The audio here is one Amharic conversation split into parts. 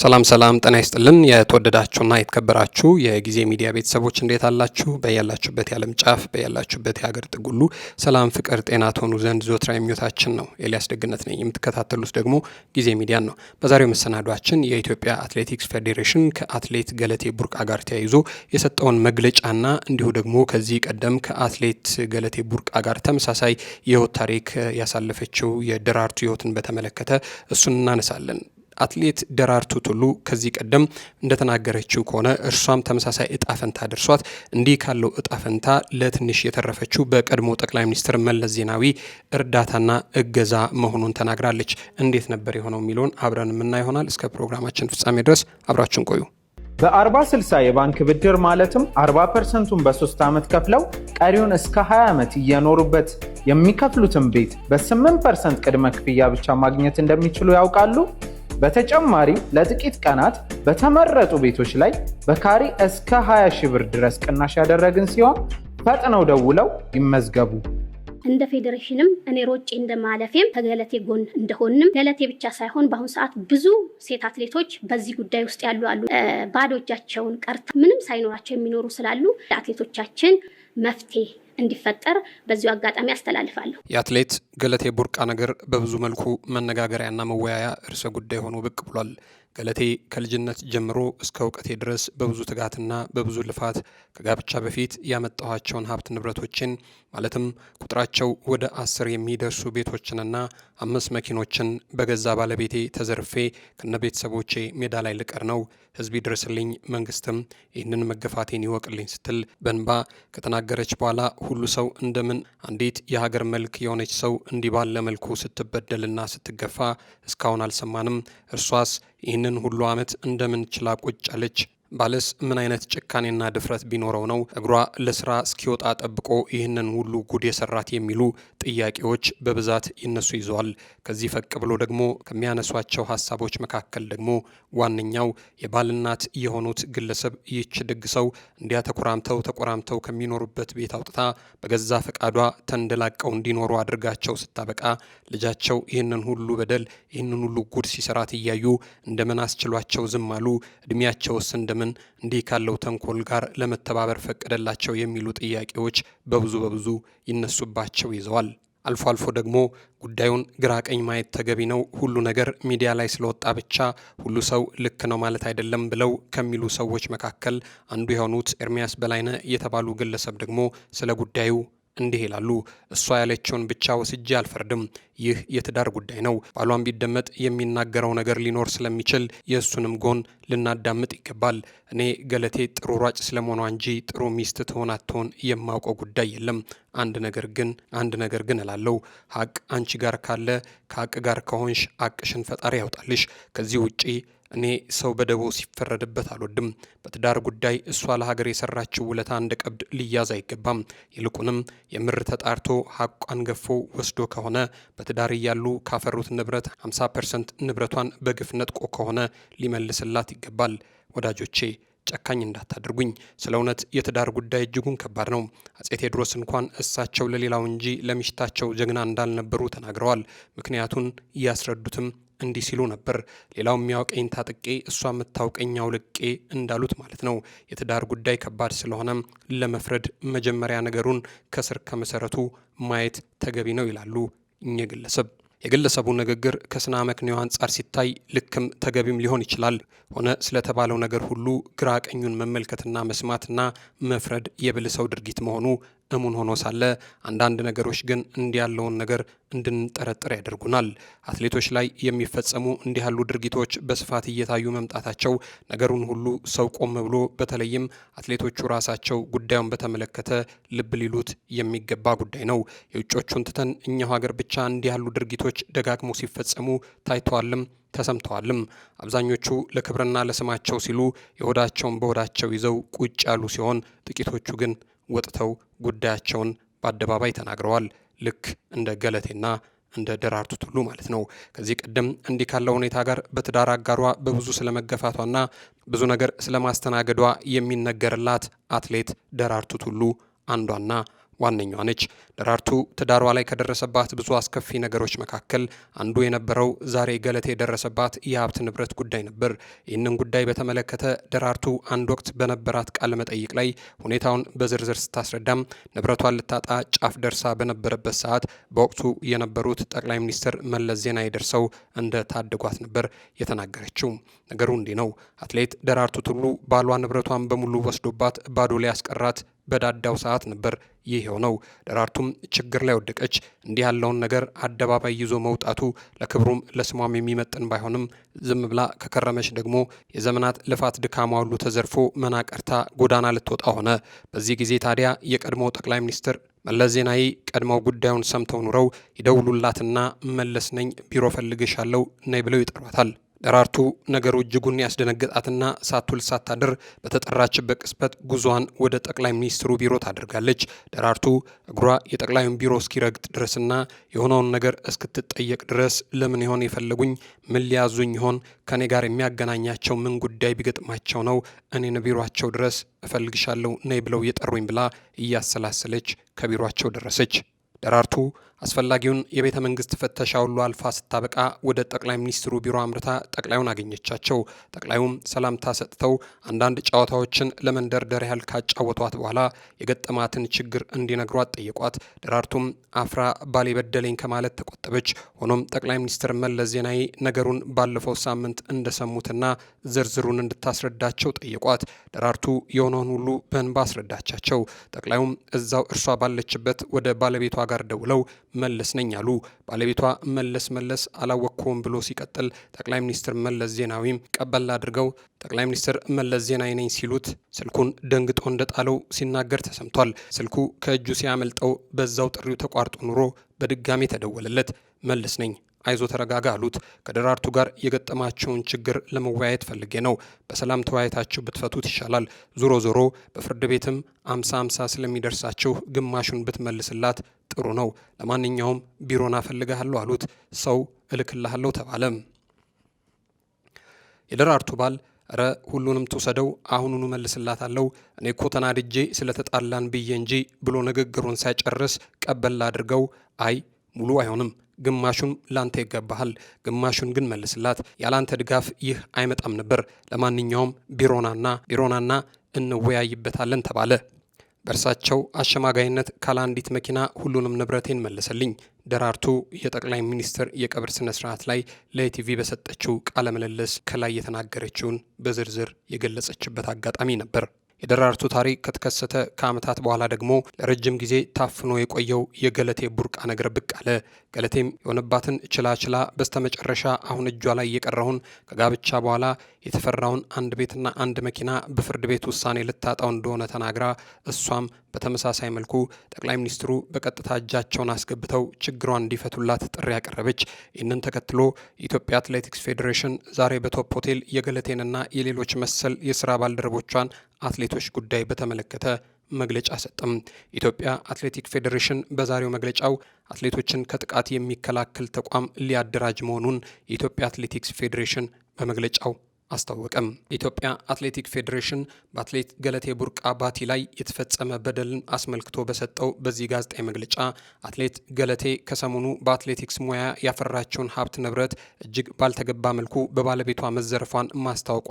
ሰላም ሰላም፣ ጤና ይስጥልን የተወደዳችሁና የተከበራችሁ የጊዜ ሚዲያ ቤተሰቦች እንዴት አላችሁ? በያላችሁበት የዓለም ጫፍ በያላችሁበት የሀገር ጥግ ሁሉ ሰላም፣ ፍቅር፣ ጤና ትሆኑ ዘንድ ዞትራ የሚወታችን ነው። ኤልያስ ደግነት ነኝ። የምትከታተሉት ደግሞ ጊዜ ሚዲያን ነው። በዛሬው መሰናዷችን የኢትዮጵያ አትሌቲክስ ፌዴሬሽን ከአትሌት ገለቴ ቡርቃ ጋር ተያይዞ የሰጠውን መግለጫና እንዲሁ ደግሞ ከዚህ ቀደም ከአትሌት ገለቴ ቡርቃ ጋር ተመሳሳይ የህይወት ታሪክ ያሳለፈችው የደራርቱ ህይወትን በተመለከተ እሱን እናነሳለን። አትሌት ደራርቱ ቱሉ ከዚህ ቀደም እንደተናገረችው ከሆነ እርሷም ተመሳሳይ እጣ ፈንታ ደርሷት እንዲህ ካለው እጣ ፈንታ ለትንሽ የተረፈችው በቀድሞ ጠቅላይ ሚኒስትር መለስ ዜናዊ እርዳታና እገዛ መሆኑን ተናግራለች። እንዴት ነበር የሆነው የሚለውን አብረን የምና ይሆናል። እስከ ፕሮግራማችን ፍጻሜ ድረስ አብራችን ቆዩ። በ40/60 የባንክ ብድር ማለትም 40 ፐርሰንቱን በ3 ዓመት ከፍለው ቀሪውን እስከ 20 ዓመት እየኖሩበት የሚከፍሉትን ቤት በ8 ፐርሰንት ቅድመ ክፍያ ብቻ ማግኘት እንደሚችሉ ያውቃሉ? በተጨማሪ ለጥቂት ቀናት በተመረጡ ቤቶች ላይ በካሬ እስከ 20 ሺህ ብር ድረስ ቅናሽ ያደረግን ሲሆን ፈጥነው ደውለው ይመዝገቡ። እንደ ፌዴሬሽንም እኔ ሮጬ እንደማለፌም ከገለቴ ጎን እንደሆንም ገለቴ ብቻ ሳይሆን በአሁኑ ሰዓት ብዙ ሴት አትሌቶች በዚህ ጉዳይ ውስጥ ያሉ አሉ። ባዶ እጃቸውን ቀርታ ምንም ሳይኖራቸው የሚኖሩ ስላሉ ለአትሌቶቻችን መፍትሄ እንዲፈጠር በዚሁ አጋጣሚ አስተላልፋለሁ። የአትሌት ገለቴ ቡርቃ ነገር በብዙ መልኩ መነጋገሪያና መወያያ ርዕሰ ጉዳይ ሆኖ ብቅ ብሏል። ገለቴ ከልጅነት ጀምሮ እስከ እውቀቴ ድረስ በብዙ ትጋትና በብዙ ልፋት ከጋብቻ በፊት ያመጣኋቸውን ሀብት ንብረቶችን ማለትም ቁጥራቸው ወደ አስር የሚደርሱ ቤቶችንና አምስት መኪኖችን በገዛ ባለቤቴ ተዘርፌ ከነ ቤተሰቦቼ ሜዳ ላይ ልቀር ነው። ህዝብ ይድረስልኝ፣ መንግስትም ይህንን መገፋቴን ይወቅልኝ ስትል በንባ ከተናገረች በኋላ ሁሉ ሰው እንደምን አንዲት የሀገር መልክ የሆነች ሰው እንዲህ ባለ መልኩ ስትበደልና ስትገፋ እስካሁን አልሰማንም እርሷስ ይህንን ሁሉ ዓመት እንደምን ችላ ቁጭ አለች? ባለስ ምን አይነት ጭካኔና ድፍረት ቢኖረው ነው እግሯ ለስራ እስኪወጣ ጠብቆ ይህንን ሁሉ ጉድ የሰራት የሚሉ ጥያቄዎች በብዛት ይነሱ ይዘዋል። ከዚህ ፈቅ ብሎ ደግሞ ከሚያነሷቸው ሀሳቦች መካከል ደግሞ ዋነኛው የባልናት የሆኑት ግለሰብ ይች ደግ ሰው እንዲያ ተኮራምተው ተቆራምተው ከሚኖሩበት ቤት አውጥታ በገዛ ፈቃዷ ተንደላቀው እንዲኖሩ አድርጋቸው ስታበቃ ልጃቸው ይህንን ሁሉ በደል ይህንን ሁሉ ጉድ ሲሰራት እያዩ እንደምን አስችሏቸው ዝም አሉ? እድሜያቸውስ እንደምን ለምን እንዲህ ካለው ተንኮል ጋር ለመተባበር ፈቀደላቸው የሚሉ ጥያቄዎች በብዙ በብዙ ይነሱባቸው ይዘዋል። አልፎ አልፎ ደግሞ ጉዳዩን ግራ ቀኝ ማየት ተገቢ ነው፣ ሁሉ ነገር ሚዲያ ላይ ስለወጣ ብቻ ሁሉ ሰው ልክ ነው ማለት አይደለም ብለው ከሚሉ ሰዎች መካከል አንዱ የሆኑት ኤርሚያስ በላይነ የተባሉ ግለሰብ ደግሞ ስለ ጉዳዩ እንዲህ ይላሉ። እሷ ያለችውን ብቻ ወስጄ አልፈርድም። ይህ የትዳር ጉዳይ ነው። ባሏን ቢደመጥ የሚናገረው ነገር ሊኖር ስለሚችል የእሱንም ጎን ልናዳምጥ ይገባል። እኔ ገለቴ ጥሩ ሯጭ ስለመሆኗ እንጂ ጥሩ ሚስት ትሆን አትሆን የማውቀው ጉዳይ የለም። አንድ ነገር ግን አንድ ነገር ግን እላለሁ፣ ሀቅ አንቺ ጋር ካለ ከሀቅ ጋር ከሆንሽ አቅሽን ፈጣሪ ያውጣልሽ። ከዚህ ውጪ እኔ ሰው በደቦ ሲፈረድበት አልወድም። በትዳር ጉዳይ እሷ ለሀገር የሰራችው ውለታ እንደ ቀብድ ሊያዝ አይገባም። ይልቁንም የምር ተጣርቶ ሀቋን ገፎ ወስዶ ከሆነ በትዳር እያሉ ካፈሩት ንብረት 50 ፐርሰንት ንብረቷን በግፍ ነጥቆ ከሆነ ሊመልስላት ይገባል። ወዳጆቼ ጨካኝ እንዳታደርጉኝ። ስለ እውነት የትዳር ጉዳይ እጅጉን ከባድ ነው። አጼ ቴዎድሮስ እንኳን እሳቸው ለሌላው እንጂ ለሚሽታቸው ጀግና እንዳልነበሩ ተናግረዋል። ምክንያቱን እያስረዱትም እንዲህ ሲሉ ነበር። ሌላው የሚያውቀኝ ታጥቄ፣ እሷ የምታውቀኝ አውልቄ እንዳሉት ማለት ነው። የትዳር ጉዳይ ከባድ ስለሆነ ለመፍረድ መጀመሪያ ነገሩን ከስር ከመሰረቱ ማየት ተገቢ ነው ይላሉ እኚ ግለሰብ። የግለሰቡ ንግግር ከስነ መክንዮ አንጻር ሲታይ ልክም ተገቢም ሊሆን ይችላል። ሆነ ስለተባለው ነገር ሁሉ ግራ ቀኙን መመልከትና መስማትና መፍረድ የብልሰው ድርጊት መሆኑ እሙን ሆኖ ሳለ አንዳንድ ነገሮች ግን እንዲህ ያለውን ነገር እንድንጠረጥር ያደርጉናል። አትሌቶች ላይ የሚፈጸሙ እንዲህ ያሉ ድርጊቶች በስፋት እየታዩ መምጣታቸው ነገሩን ሁሉ ሰው ቆም ብሎ በተለይም አትሌቶቹ ራሳቸው ጉዳዩን በተመለከተ ልብ ሊሉት የሚገባ ጉዳይ ነው። የውጮቹን ትተን እኛው ሀገር ብቻ እንዲህ ያሉ ድርጊቶች ደጋግሞ ሲፈጸሙ ታይተዋልም ተሰምተዋልም። አብዛኞቹ ለክብርና ለስማቸው ሲሉ የሆዳቸውን በሆዳቸው ይዘው ቁጭ ያሉ ሲሆን ጥቂቶቹ ግን ወጥተው ጉዳያቸውን በአደባባይ ተናግረዋል። ልክ እንደ ገለቴና እንደ ደራርቱ ቱሉ ማለት ነው። ከዚህ ቀደም እንዲህ ካለው ሁኔታ ጋር በትዳር አጋሯ በብዙ ስለመገፋቷና ብዙ ነገር ስለማስተናገዷ የሚነገርላት አትሌት ደራርቱ ቱሉ አንዷና ዋነኛዋ ነች። ደራርቱ ትዳሯ ላይ ከደረሰባት ብዙ አስከፊ ነገሮች መካከል አንዱ የነበረው ዛሬ ገለቴ የደረሰባት የሀብት ንብረት ጉዳይ ነበር። ይህንን ጉዳይ በተመለከተ ደራርቱ አንድ ወቅት በነበራት ቃለ መጠይቅ ላይ ሁኔታውን በዝርዝር ስታስረዳም ንብረቷን ልታጣ ጫፍ ደርሳ በነበረበት ሰዓት በወቅቱ የነበሩት ጠቅላይ ሚኒስትር መለስ ዜናዊ ደርሰው እንደ ታደጓት ነበር የተናገረችው። ነገሩ እንዲህ ነው። አትሌት ደራርቱ ቱሉ ባሏ ንብረቷን በሙሉ ወስዶባት ባዶ ላይ ያስቀራት በዳዳው ሰዓት ነበር ይህ የሆነው። ደራርቱም ችግር ላይ ወደቀች። እንዲህ ያለውን ነገር አደባባይ ይዞ መውጣቱ ለክብሩም ለስሟም የሚመጥን ባይሆንም ዝም ብላ ከከረመች ደግሞ የዘመናት ልፋት ድካማ ሁሉ ተዘርፎ መናቀርታ ጎዳና ልትወጣ ሆነ። በዚህ ጊዜ ታዲያ የቀድሞው ጠቅላይ ሚኒስትር መለስ ዜናዊ ቀድመው ጉዳዩን ሰምተው ኑረው ይደውሉላትና መለስ ነኝ ቢሮ ፈልግሻለው ነይ ብለው ይጠሯታል። ደራርቱ ነገሩ እጅጉን ያስደነገጣትና ሳትውል ሳታድር በተጠራችበት ቅጽበት ጉዟን ወደ ጠቅላይ ሚኒስትሩ ቢሮ ታደርጋለች። ደራርቱ እግሯ የጠቅላዩን ቢሮ እስኪረግጥ ድረስና የሆነውን ነገር እስክትጠየቅ ድረስ ለምን ይሆን የፈለጉኝ? ምን ሊያዙኝ ይሆን? ከእኔ ጋር የሚያገናኛቸው ምን ጉዳይ ቢገጥማቸው ነው እኔን ቢሯቸው ድረስ እፈልግሻለሁ ነይ ብለው የጠሩኝ? ብላ እያሰላሰለች ከቢሯቸው ደረሰች። ደራርቱ አስፈላጊውን የቤተ መንግስት ፍተሻ ሁሉ አልፋ ስታበቃ ወደ ጠቅላይ ሚኒስትሩ ቢሮ አምርታ ጠቅላዩን አገኘቻቸው። ጠቅላዩም ሰላምታ ሰጥተው አንዳንድ ጨዋታዎችን ለመንደርደር ያህል ካጫወቷት በኋላ የገጠማትን ችግር እንዲነግሯት ጠየቋት። ደራርቱም አፍራ ባሌ በደለኝ ከማለት ተቆጠበች። ሆኖም ጠቅላይ ሚኒስትር መለስ ዜናዊ ነገሩን ባለፈው ሳምንት እንደሰሙትና ዝርዝሩን እንድታስረዳቸው ጠየቋት። ደራርቱ የሆነውን ሁሉ በእንባ አስረዳቻቸው። ጠቅላዩም እዛው እርሷ ባለችበት ወደ ባለቤቷ ጋር ደውለው መለስ ነኝ አሉ። ባለቤቷ መለስ መለስ አላወቅኩም ብሎ ሲቀጥል ጠቅላይ ሚኒስትር መለስ ዜናዊም ቀበል አድርገው ጠቅላይ ሚኒስትር መለስ ዜናዊ ነኝ ሲሉት ስልኩን ደንግጦ እንደጣለው ሲናገር ተሰምቷል። ስልኩ ከእጁ ሲያመልጠው በዛው ጥሪው ተቋርጦ ኑሮ በድጋሚ ተደወለለት። መለስ ነኝ አይዞ ተረጋጋ አሉት። ከደራርቱ ጋር የገጠማቸውን ችግር ለመወያየት ፈልጌ ነው። በሰላም ተወያየታችሁ ብትፈቱት ይሻላል። ዞሮ ዞሮ በፍርድ ቤትም አምሳ አምሳ ስለሚደርሳችሁ ግማሹን ብትመልስላት ጥሩ ነው። ለማንኛውም ቢሮና ፈልግሃለሁ አሉት። ሰው እልክልሃለሁ ተባለ። የደራርቱ ባል እረ ሁሉንም ትውሰደው አሁኑኑ መልስላታለሁ፣ እኔ እኮ ተናድጄ ስለተጣላን ብዬ እንጂ ብሎ ንግግሩን ሳይጨርስ ቀበል አድርገው አይ ሙሉ አይሆንም ግማሹን ላንተ ይገባሃል፣ ግማሹን ግን መልስላት። ያላንተ ድጋፍ ይህ አይመጣም ነበር። ለማንኛውም ቢሮናና ቢሮናና እንወያይበታለን ተባለ። በእርሳቸው አሸማጋይነት ካላንዲት መኪና ሁሉንም ንብረቴን መለሰልኝ። ደራርቱ የጠቅላይ ሚኒስትር የቀብር ስነ ስርዓት ላይ ለኢቲቪ በሰጠችው ቃለ ምልልስ ከላይ የተናገረችውን በዝርዝር የገለጸችበት አጋጣሚ ነበር። የደራርቱ ታሪክ ከተከሰተ ከዓመታት በኋላ ደግሞ ለረጅም ጊዜ ታፍኖ የቆየው የገለቴ ቡርቃ ነገር ብቅ አለ። ገለቴም የሆነባትን ችላ ችላ በስተመጨረሻ አሁን እጇ ላይ የቀረውን ከጋብቻ በኋላ የተፈራውን አንድ ቤትና አንድ መኪና በፍርድ ቤት ውሳኔ ልታጣው እንደሆነ ተናግራ እሷም በተመሳሳይ መልኩ ጠቅላይ ሚኒስትሩ በቀጥታ እጃቸውን አስገብተው ችግሯን እንዲፈቱላት ጥሪ ያቀረበች። ይህንን ተከትሎ የኢትዮጵያ አትሌቲክስ ፌዴሬሽን ዛሬ በቶፕ ሆቴል የገለቴንና የሌሎች መሰል የስራ ባልደረቦቿን አትሌቶች ጉዳይ በተመለከተ መግለጫ ሰጠም። ኢትዮጵያ አትሌቲክ ፌዴሬሽን በዛሬው መግለጫው አትሌቶችን ከጥቃት የሚከላከል ተቋም ሊያደራጅ መሆኑን የኢትዮጵያ አትሌቲክስ ፌዴሬሽን በመግለጫው አስታወቀም። የኢትዮጵያ አትሌቲክ ፌዴሬሽን በአትሌት ገለቴ ቡርቃ ባቲ ላይ የተፈጸመ በደልን አስመልክቶ በሰጠው በዚህ ጋዜጣዊ መግለጫ አትሌት ገለቴ ከሰሞኑ በአትሌቲክስ ሙያ ያፈራቸውን ሀብት ንብረት እጅግ ባልተገባ መልኩ በባለቤቷ መዘረፏን ማስታወቋ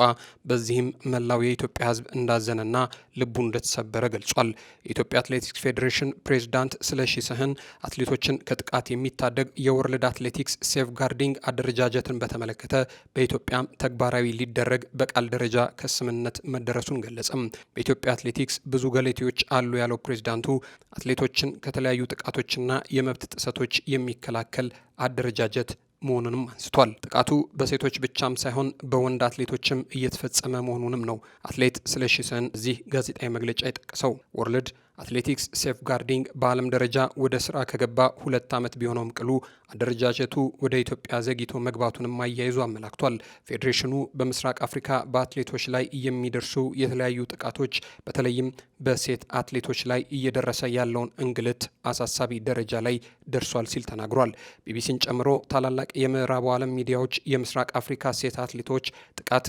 በዚህም መላው የኢትዮጵያ ሕዝብ እንዳዘነና ልቡ እንደተሰበረ ገልጿል። የኢትዮጵያ አትሌቲክስ ፌዴሬሽን ፕሬዝዳንት ስለሺ ስህን አትሌቶችን ከጥቃት የሚታደግ የወርልድ አትሌቲክስ ጋርዲንግ አደረጃጀትን በተመለከተ በኢትዮጵያም ተግባራዊ እንዲደረግ በቃል ደረጃ ከስምምነት መደረሱን ገለጸም። በኢትዮጵያ አትሌቲክስ ብዙ ገለቴዎች አሉ ያለው ፕሬዚዳንቱ አትሌቶችን ከተለያዩ ጥቃቶችና የመብት ጥሰቶች የሚከላከል አደረጃጀት መሆኑንም አንስቷል። ጥቃቱ በሴቶች ብቻም ሳይሆን በወንድ አትሌቶችም እየተፈጸመ መሆኑንም ነው አትሌት ስለሺ ስህን እዚህ ጋዜጣዊ መግለጫ የጠቀሰው ወርልድ አትሌቲክስ ሴፍ ጋርዲንግ በዓለም ደረጃ ወደ ስራ ከገባ ሁለት ዓመት ቢሆነውም ቅሉ አደረጃጀቱ ወደ ኢትዮጵያ ዘግይቶ መግባቱንም አያይዞ አመላክቷል። ፌዴሬሽኑ በምስራቅ አፍሪካ በአትሌቶች ላይ የሚደርሱ የተለያዩ ጥቃቶች በተለይም በሴት አትሌቶች ላይ እየደረሰ ያለውን እንግልት አሳሳቢ ደረጃ ላይ ደርሷል ሲል ተናግሯል። ቢቢሲን ጨምሮ ታላላቅ የምዕራቡ ዓለም ሚዲያዎች የምስራቅ አፍሪካ ሴት አትሌቶች ጥቃት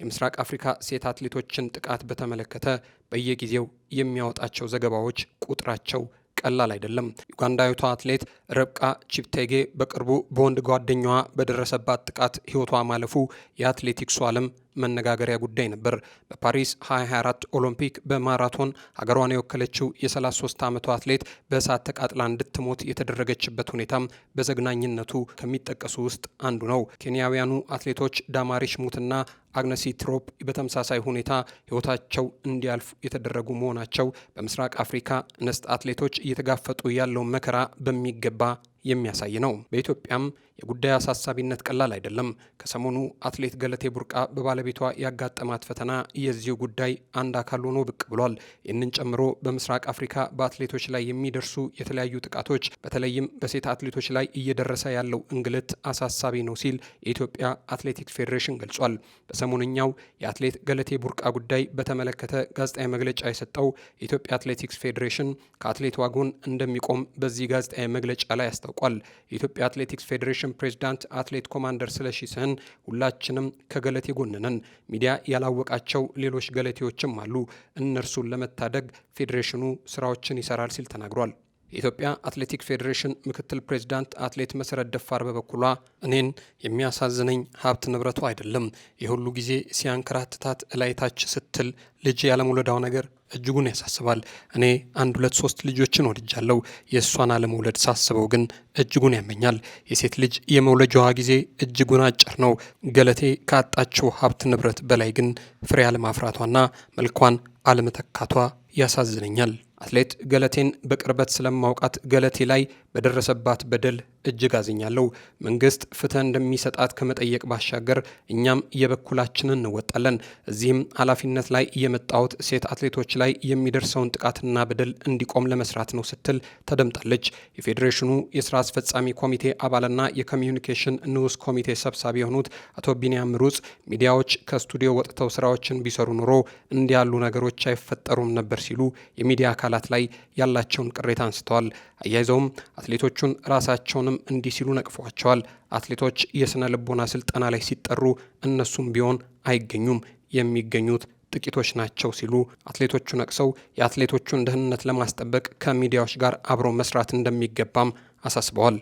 የምስራቅ አፍሪካ ሴት አትሌቶችን ጥቃት በተመለከተ በየጊዜው የሚያወጣቸው ዘገባዎች ቁጥራቸው ቀላል አይደለም። ዩጋንዳዊቷ አትሌት ረብቃ ቺፕቴጌ በቅርቡ በወንድ ጓደኛዋ በደረሰባት ጥቃት ሕይወቷ ማለፉ የአትሌቲክሱ ዓለም መነጋገሪያ ጉዳይ ነበር። በፓሪስ 2024 ኦሎምፒክ በማራቶን ሀገሯን የወከለችው የ33 ዓመቱ አትሌት በእሳት ተቃጥላ እንድትሞት የተደረገችበት ሁኔታም በዘግናኝነቱ ከሚጠቀሱ ውስጥ አንዱ ነው። ኬንያውያኑ አትሌቶች ዳማሪሽ ሙትና አግነሲ ትሮፕ በተመሳሳይ ሁኔታ ህይወታቸው እንዲያልፉ የተደረጉ መሆናቸው በምስራቅ አፍሪካ እንስት አትሌቶች እየተጋፈጡ ያለውን መከራ በሚገባ የሚያሳይ ነው። በኢትዮጵያም የጉዳዩ አሳሳቢነት ቀላል አይደለም። ከሰሞኑ አትሌት ገለቴ ቡርቃ በባለቤቷ ያጋጠማት ፈተና የዚሁ ጉዳይ አንድ አካል ሆኖ ብቅ ብሏል። ይህንን ጨምሮ በምስራቅ አፍሪካ በአትሌቶች ላይ የሚደርሱ የተለያዩ ጥቃቶች፣ በተለይም በሴት አትሌቶች ላይ እየደረሰ ያለው እንግልት አሳሳቢ ነው ሲል የኢትዮጵያ አትሌቲክስ ፌዴሬሽን ገልጿል። በሰሞነኛው የአትሌት ገለቴ ቡርቃ ጉዳይ በተመለከተ ጋዜጣዊ መግለጫ የሰጠው የኢትዮጵያ አትሌቲክስ ፌዴሬሽን ከአትሌቷ ጎን እንደሚቆም በዚህ ጋዜጣዊ መግለጫ ላይ አስታውቋል። የኢትዮጵያ አትሌቲክስ ፌዴሬሽን ፌዴሬሽን ፕሬዝዳንት አትሌት ኮማንደር ስለሺ ስህን ሁላችንም ከገለቴ ጎንነን ሚዲያ ያላወቃቸው ሌሎች ገለቴዎችም አሉ። እነርሱን ለመታደግ ፌዴሬሽኑ ስራዎችን ይሰራል ሲል ተናግሯል። የኢትዮጵያ አትሌቲክስ ፌዴሬሽን ምክትል ፕሬዚዳንት አትሌት መሰረት ደፋር በበኩሏ እኔን የሚያሳዝነኝ ሀብት ንብረቱ አይደለም፣ የሁሉ ጊዜ ሲያንከራትታት እላይታች ስትል ልጅ ያለመውለዳው ነገር እጅጉን ያሳስባል። እኔ አንድ ሁለት ሶስት ልጆችን ወድጃለሁ። የእሷን አለመውለድ ሳስበው ግን እጅጉን ያመኛል። የሴት ልጅ የመውለጃዋ ጊዜ እጅጉን አጭር ነው። ገለቴ ካጣችው ሀብት ንብረት በላይ ግን ፍሬ አለማፍራቷና መልኳን አለመተካቷ ያሳዝነኛል። አትሌት ገለቴን በቅርበት ስለማውቃት ገለቴ ላይ በደረሰባት በደል እጅግ አዝኛለሁ። መንግስት ፍትህ እንደሚሰጣት ከመጠየቅ ባሻገር እኛም የበኩላችንን እንወጣለን። እዚህም ኃላፊነት ላይ የመጣሁት ሴት አትሌቶች ላይ የሚደርሰውን ጥቃትና በደል እንዲቆም ለመስራት ነው ስትል ተደምጣለች። የፌዴሬሽኑ የስራ አስፈጻሚ ኮሚቴ አባልና የኮሚዩኒኬሽን ንዑስ ኮሚቴ ሰብሳቢ የሆኑት አቶ ቢንያም ሩጽ ሚዲያዎች ከስቱዲዮ ወጥተው ስራዎችን ቢሰሩ ኑሮ እንዲያሉ ነገሮች አይፈጠሩም ነበር ሲሉ የሚዲያ አካላት ላይ ያላቸውን ቅሬታ አንስተዋል። አያይዘውም አትሌቶቹን ራሳቸውንም እንዲህ ሲሉ ነቅፏቸዋል። አትሌቶች የሥነ ልቦና ስልጠና ላይ ሲጠሩ እነሱም ቢሆን አይገኙም፣ የሚገኙት ጥቂቶች ናቸው ሲሉ አትሌቶቹ ነቅሰው የአትሌቶቹን ደህንነት ለማስጠበቅ ከሚዲያዎች ጋር አብሮ መስራት እንደሚገባም አሳስበዋል።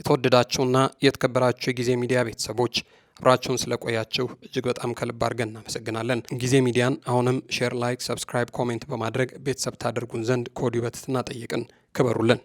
የተወደዳችሁና የተከበራችሁ የጊዜ ሚዲያ ቤተሰቦች አብራችሁን ስለቆያችሁ እጅግ በጣም ከልብ አድርገን እናመሰግናለን። ጊዜ ሚዲያን አሁንም ሼር፣ ላይክ፣ ሰብስክራይብ፣ ኮሜንት በማድረግ ቤተሰብ ታደርጉን ዘንድ ከወዲሁ በትህትና ጠይቅን። ክበሩልን።